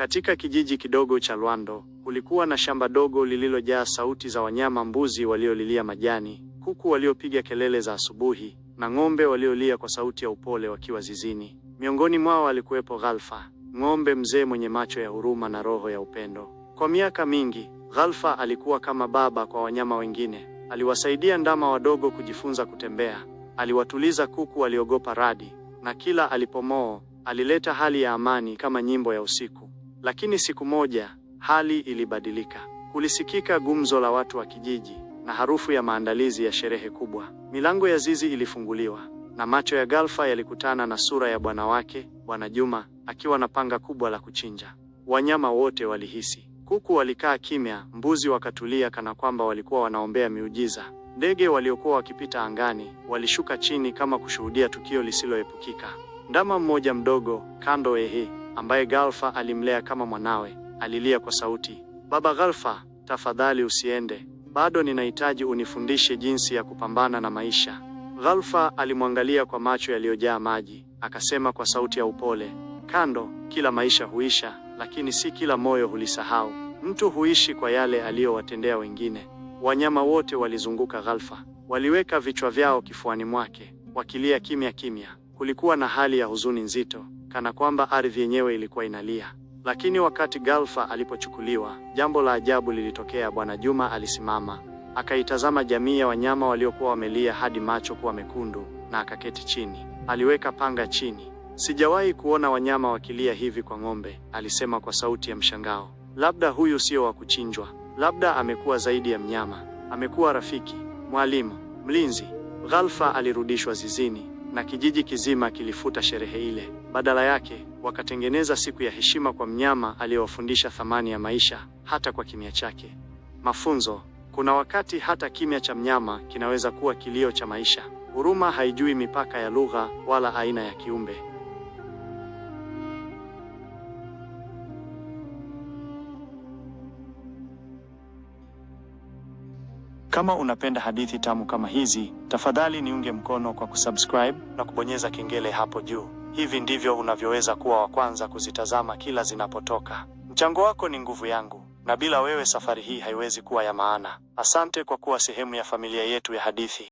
Katika kijiji kidogo cha Lwando kulikuwa na shamba dogo lililojaa sauti za wanyama, mbuzi waliolilia majani, kuku waliopiga kelele za asubuhi, na ng'ombe waliolia kwa sauti ya upole wakiwa zizini. Miongoni mwao alikuwepo Ghalfa, ng'ombe mzee mwenye macho ya huruma na roho ya upendo. Kwa miaka mingi, Ghalfa alikuwa kama baba kwa wanyama wengine. Aliwasaidia ndama wadogo kujifunza kutembea, aliwatuliza kuku waliogopa radi, na kila alipomoo alileta hali ya amani kama nyimbo ya usiku. Lakini siku moja hali ilibadilika. Kulisikika gumzo la watu wa kijiji na harufu ya maandalizi ya sherehe kubwa. Milango ya zizi ilifunguliwa na macho ya Galfa yalikutana na sura ya bwana wake, Bwana Juma, akiwa na panga kubwa la kuchinja. Wanyama wote walihisi. Kuku walikaa kimya, mbuzi wakatulia kana kwamba walikuwa wanaombea miujiza. Ndege waliokuwa wakipita angani walishuka chini kama kushuhudia tukio lisiloepukika. Ndama mmoja mdogo kando ehe ambaye Galfa alimlea kama mwanawe, alilia kwa sauti, Baba Galfa, tafadhali usiende, bado ninahitaji unifundishe jinsi ya kupambana na maisha. Galfa alimwangalia kwa macho yaliyojaa maji, akasema kwa sauti ya upole, Kando, kila maisha huisha, lakini si kila moyo hulisahau. Mtu huishi kwa yale aliyowatendea wengine. Wanyama wote walizunguka Galfa, waliweka vichwa vyao kifuani mwake, wakilia kimya kimya. Kulikuwa na hali ya huzuni nzito kana kwamba ardhi yenyewe ilikuwa inalia. Lakini wakati Galfa alipochukuliwa, jambo la ajabu lilitokea. Bwana Juma alisimama, akaitazama jamii ya wanyama waliokuwa wamelia hadi macho kuwa mekundu, na akaketi chini. Aliweka panga chini. Sijawahi kuona wanyama wakilia hivi kwa ng'ombe, alisema kwa sauti ya mshangao. Labda huyu sio wa kuchinjwa, labda amekuwa zaidi ya mnyama, amekuwa rafiki, mwalimu, mlinzi. Ghalfa alirudishwa zizini na kijiji kizima kilifuta sherehe ile. Badala yake wakatengeneza siku ya heshima kwa mnyama aliyowafundisha thamani ya maisha, hata kwa kimya chake. Mafunzo: kuna wakati hata kimya cha mnyama kinaweza kuwa kilio cha maisha. Huruma haijui mipaka ya lugha wala aina ya kiumbe. Kama unapenda hadithi tamu kama hizi, tafadhali niunge mkono kwa kusubscribe na kubonyeza kengele hapo juu. Hivi ndivyo unavyoweza kuwa wa kwanza kuzitazama kila zinapotoka. Mchango wako ni nguvu yangu, na bila wewe safari hii haiwezi kuwa ya maana. Asante kwa kuwa sehemu ya familia yetu ya hadithi.